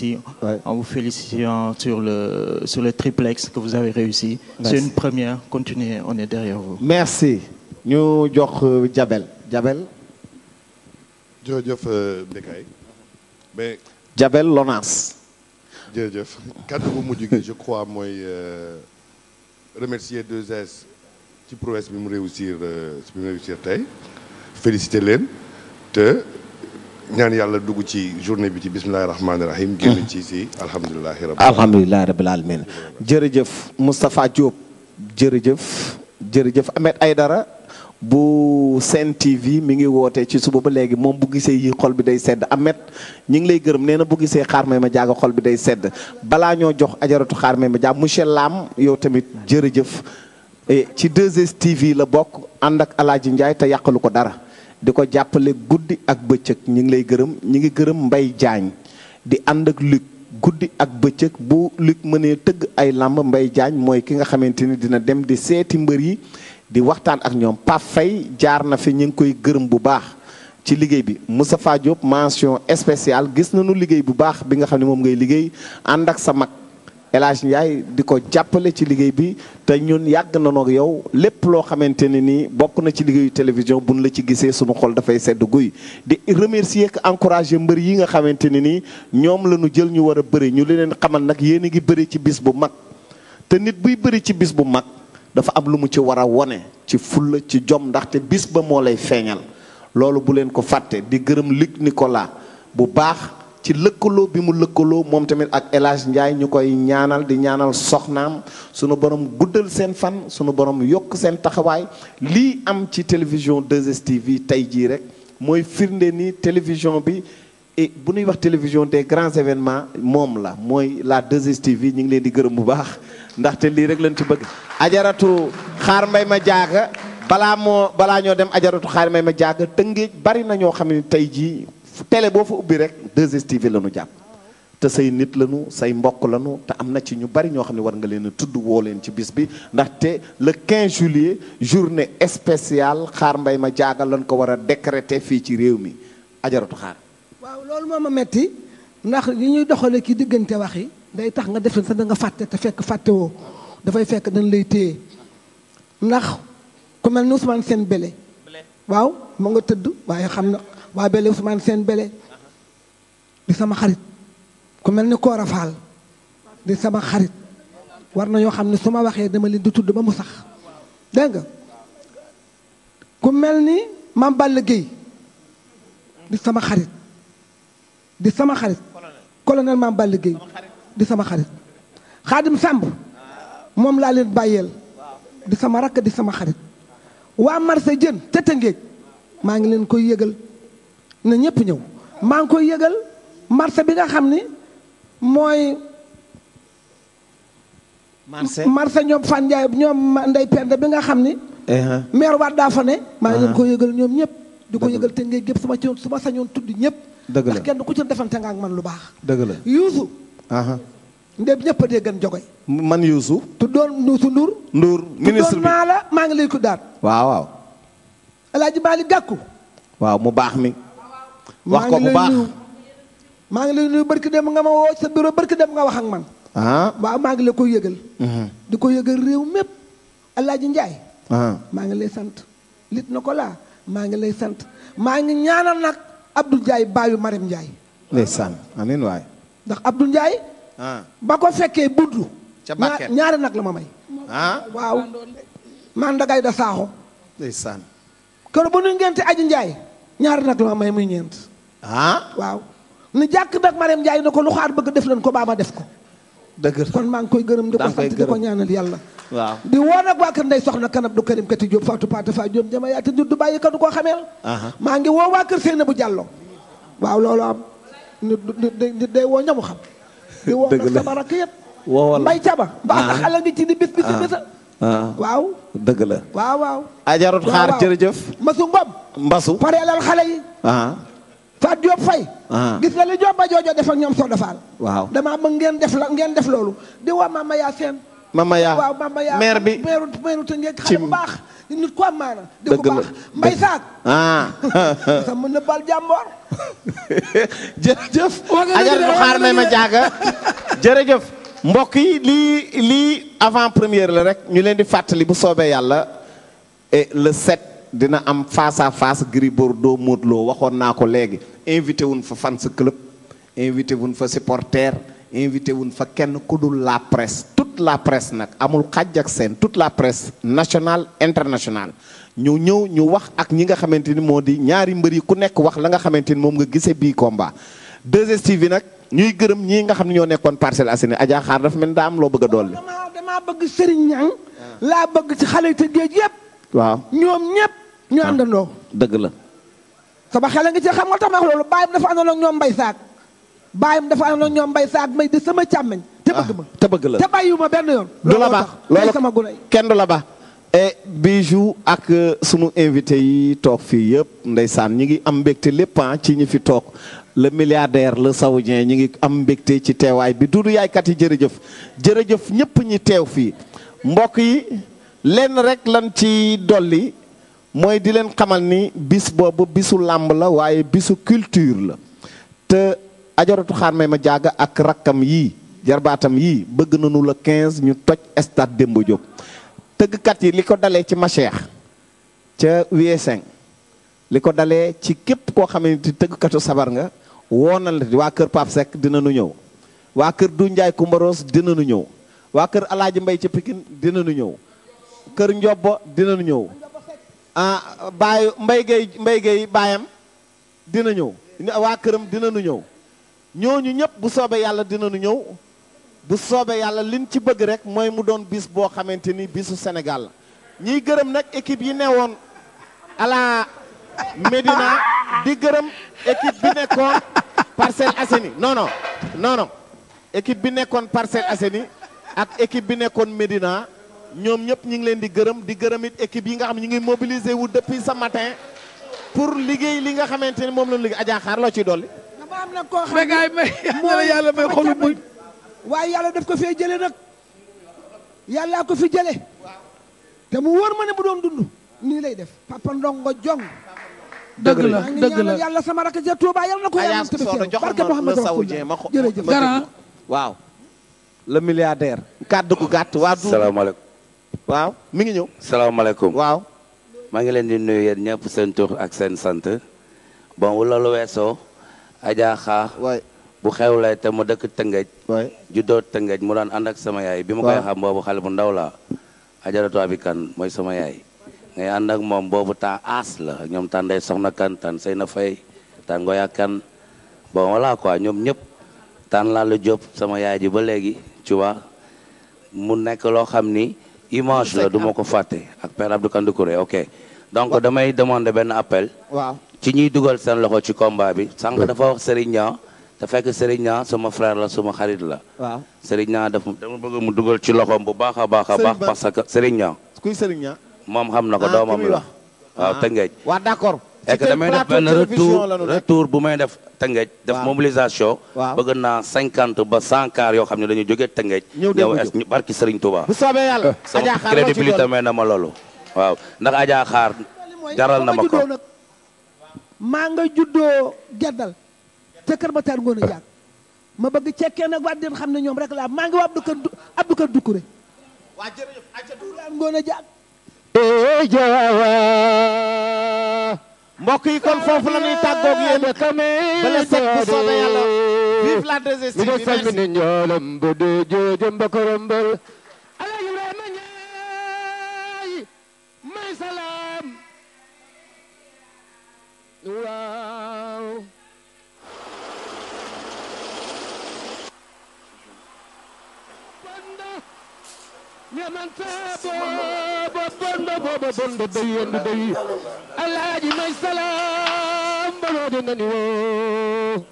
ici ouais. en vous félicitant sur le, sur le triplex que vous avez réussi. C'est une première. Continuez, on est derrière vous. Merci. ñu jox euh, Jabel Jabel. jërëjëf Bécaye. Euh, mais. Jabel Lonaas. jërëjëf kàddu bu mujj gi je crois mooy euh, remercier 2S ci prouesse bi mu réussir bi mu réussir tey féliciter leen te. ñaan yàlla dugg ci journée bi ci bismillahi rahmaani rahim. Mm. génn ci si alhamdulilahi rabbil alhamdulilahi rabbil alamin jërëjëf Moustapha Diop. jërëjëf jërëjëf ay dara bu Sen TV mi ngi wootee ci suba ba léegi moom bu gisee yi xol bi day sedd Ahmed ñu ngi lay gërëm nee na bu gisee xaar may ma jaaga xol bi day sedd balaa ñoo jox ajaratu xaar may ma jaag monsieur Lam yow tamit jërëjëf eh, ci 2STV la bokk ànd ak El Hadj Ndiaye te yàqalu ko dara. di ko jàppale guddi ak bëccëg ñu ngi lay gërëm ñu ngi gërëm Mbay Jaañ di ànd ak Luc guddi ak bëccëg bu Luc mënee tëgg ay làmb Mbay Jaañ mooy ki nga xamante ni dina dem di seeti mbër yi di waxtaan ak ñoom Pape Faye jaar na fi ñu ngi koy gërëm bu baax ci liggéey bi Moustapha Diop mention spéciale gis nañu liggéey bu baax bi nga xam ne moom ngay liggéey ànd ak sa mag El Hadj di ko jàppale ci liggéey bi te ñun yàgg na noog yow lépp loo xamante ne nii bokk na ci liggéeyu télévision buñ la ci gisee sunu xol dafay sedd guy. di remercier ak encourager mbër yi nga xamante ne nii ñoom la ñu jël ñu war a bëri ñu leen xamal nag yéen a ngi bëri ci bis bu mag te nit buy bëri ci bis bu mag dafa am lu mu ci war a wone ci fulla ci jom ndaxte bis ba moo lay feeñal loolu bu leen ko fàtte di gërëm ni ko laa bu baax. ci lëkkaloo bi mu lëkkaloo moom tamit ak élage Hadj ñu koy ñaanal di ñaanal soxnaam sunu borom guddal seen fan sunu borom yokk seen taxawaay lii am ci télévision 2STV tey jii rek mooy firnde ni télévision bi et bu ñuy wax télévision des grands événements moom la mooy la 2STV ñu ngi leen di gërëm bu baax ndaxte lii rek lañ ci bëgg. ajaratu xaar mbay ma jaaga balaa moo balaa ñoo dem ajaratu xaar mbay ma jaaga tëngéej bari na ñoo xam ne tey jii. télé boo fa ubbi rek 2STV la ñu jàpp te say nit lañu say mbokk lañu te am na ci ñu bari ñoo xam ne war nga leen a tudd woo leen ci bis bi ndaxte le 15 juillet journée spéciale xaar mbay ma jaaga lañ ko war a décréter fii ci réew mi ajaratu xaar. waaw loolu moo ma metti ndax li ñuy doxale kii diggante wax yi day tax nga def sax da nga fàtte te fekk fàttewoo woo dafay fekk dañ lay téye ndax ku mel ni Ousmane Sène Bélé waaw mu nga tëdd waaye xam na. waa bele Ousmane seen bele di sama xarit ku mel ni Koora Faal di sama xarit war na ñoo xam ne su ma waxee dama leen di tudd ba mu sax dégg nga ku mel ni Mame Balla Guèye di sama xarit di sama xarit colonel Mame Balla Guèye di sama xarit Xaadim sàmb moom laa leen bàyyeel di sama rakk di sama xarit waa marché jën te Tëngéej maa ngi leen koy yëgal na ñëpp ñëw maa ngi koy yëgal marché bi nga xam ni mooy. marché marché ñoom Fane Ndiaye ñoom Ndeye Penda bi nga xam ni. Eh, maire waat daa fa ne. maa ngi leen ah. ko yëgal ñoom ñëpp. di ko yëgal te ngay gépp su ma ci su ma sañoon tudd ñëpp. dëgg la ndax ci defante nga man lu baax. dëgg la Youssou. Ah. ndéem ñëpp a dégg jogoy man Youssou. tuddoon Youssou tuddoon maa maa ngi lay ko daat. waaw waaw. El Hadj Malick waaw mu baax mi. wax ko bu baax maa ngi lay nuyu barki nga ma woo sa bureau barki dem nga wax ak man. ah waaw maa ngi la koy yëgal. Mm-hmm. di ko yëgal réew mépp Alaaji Njaay ah. maa ngi lay sant. lit na ko laa maa ngi lay sant maa ngi ñaanal nag Abdou Ndiaye baayu Mariam Ndiaye. ndeysaan amiin waay. ndax Abdou Ndiaye. Ah. ba ko fekkee buddu. ca Bakel nag la ma may. ah waaw. maa ndagay da saaxo. ndeysaan. kër bu nu ngente Aji Ndiaye. ñaari nag la ma may muy ñeent. ah waaw. ni jàkk nag Mariam Ndiaye na ko lu xaar bëgg def leen ko baa ma def ko. dëgg kon maa ngi koy gërëm di ko sant di ko ñaanal yàlla. waaw di woo nag waa kër Ndeye Soxna Kanab du Karim Kati Diop Fatou Pata Fa Diop Jama yaati du bàyyi kadu koo xameel. maa ngi woo waa kër Seynabou Diallo. waaw loolu am nit nit day woo ñamu xam. dëgg la di woo nag sama rakk yëpp. mbay caba ah. mbaa xale ngi ci di bis bis ah. bisa Ah. waaw dëgg la waaw waaw ajarut xaar jërëjëf mbasu mbom mbasu pareelal xale yi ah. Faat Diop Faye ah. gis nga li Diop ba joojo def ñoom Sow waaw damaa bëgg ngeen def la ngeen def loolu di waa Mama Yaa seen Mama Yaa waaw Mama Yaa maire bi maire maire te ngeen xale bu baax nit ku am maana di mbay saak ah sa bal jàmboor jërëjëf mbokk yi lii lii avant première la rek ñu leen di fàttali bu soobee yàlla et le sept dina am fasa à face Gris Bordeaux Modou Lo waxoon naa ko léegi invité wuñ fa fans club invité wuñ fa supporter invité wun fa kenn ku dul la presse toute la presse nag amul xàjj ak seen toute la presse nationale international ñu ñëw ñu wax ak ñi nga xamante ni moo di ñaari mbër yi ku nekk wax la nga xamante ni moom nga gisee bii combat 2STV nag. ñuy gërëm ñii nga xam ne ñoo nekkoon Parcelles Assainies Adja Xaar dafa mel ni daa am loo bëgg a dolli. damaa bëgg Serigne Niang. laa bëgg ci xale te géej yëpp. waaw ñoom ñëpp. ñu ah. àndandoo. dëgg la. sama xel nga ci xam nga tax ma wax loolu baayam dafa mbay saak baayam dafa àndoon ak ñoom mbay saak may di sama càmmeñ. te bëgg ma ah, te bëgg la te bàyyiwuma benn yoon. du la baax loolu sama gune kenn du la baax. Bijou ak euh, sunu invité yi toog fii yëpp ndeysaan ñi ngi am mbégte lépp ah, ci ñi fi toog le milliardaire le saoudien ñi ngi am mbégte ci teewaay bi dudu yaaykat yi jërëjëf jërëjëf ñëpp ñi teew fii mbokk yi lenn rek lan ci dolli mooy di leen xamal ni bis boobu bisu làmb la waaye bisu culture la te ajaratu xaar may ma jaaga ak rakkam yii jarbaatam yii bëgg nañu la 15 ñu toj stade Demba Diop tëggkat yi li ko dalee ci Macheikh ca Wiyeseng li ko dalee ci képp koo xam ne tëggkatu sabar nga woonal waa kër Pape dina nu ñëw waa kër du Ndiaye Kumbaros dina nu ñëw waa kër Alaaji Mbay ci Pikine dina nu ñëw kër Njobbo dina nu ñëw ah baayu Mbay Gay baayam dina ñëw waa këram dina nu ñëw ñooñu ñëpp bu soobee yàlla dina nu ñëw bu soobee yàlla liñ ci bëgg rek mooy mu doon biis boo xamante ni bisu senegal la ñiy gërëm nag équipe yi newoon à la Médina gërëm équipe bi nekkoon. Parcelles Assainies non non non équipe bi nekkoon Parcelles Assainies ak équipe bi nekkoon Médina ñoom ñëpp ñu ngi leen di gërëm di gërëm it yi nga xam ñu ngi mobilisé wu depuis ce matin pour liggéey li nga xamante ne moom la ñu liggéey Adja Xaar loo ciy dolli. dama am nag koo xam ne mooy yàlla may xolu muñ waaye yàlla def ko fee jëlee nag yàllaa ko fi jëlee te mu wóor ma ne bu doon dund nii lay def papa ndongo joŋ dëgg la dëgg la yàlla sama rakk ja Touba yàlla na ko yàlla gàtt waa du salaamaaleykum mi ngi ñëw salaamaaleykum waaw ngi leen di nuyu yéen ñëpp ak seen sant bon wala lu weesoo Adja Xaa bu te mu dëkk Tëngéej juddoo Tëngéej mu daan ànd sama yaay bi ma koy xale bu ndaw laa Adja mooy sama yaay ngay ànd ak moom boobu temps aas la ñoom tan day soxna kan tan sey na fay tan ngoya kan bon voilà quoi ñoom ñëpp tan laa la sama yaay ji ba léegi tu vois mu nekk loo xam ni image la du ma ko fàtte ak père Abdou Kandou Kouré ok donc damay demande benn appel waaw ci ñuy dugal seen loxo ci combat bi sànq dafa wax Serigne Niang fekk Serigne Niang sama frère la suma xarit la waaw Serigne Niang daf dama bëgg mu dugal ci loxoom bu baax a baax a baax parce que Serigne moom xam na ko ah, doomam la waaw ah. Tëngéej. waaw d'accord. et retour bu may def Tëngéej. def mobilisation. waaw bëgg naa cinquante ba cent yoo xam ne dañu jógee Tëngéej. ñëw déglu barki Serigne Touba. bu soobee yàlla. Adja Xaar na ma loolu. waaw ndax Adja Xaar jaral na ma ko. maa nga juddoo Gendal. te Kër Matar Ngoone Jaar ma bëgg cekkee nag xam ne ñoom rek laa maa ngi waa Abdou Ka Ka Doucouré. E mbokk yi kon foofu la ñuy tàggoog yéen ba le sept bu soobee yàlla vive la 2STV merci ñoolam bu dee jooje mbakorambal ala Ibrahima Ñaay may salaam waaw banda ñamanta booba bonde doy yondu doy alaaji may salaam baloode nani woo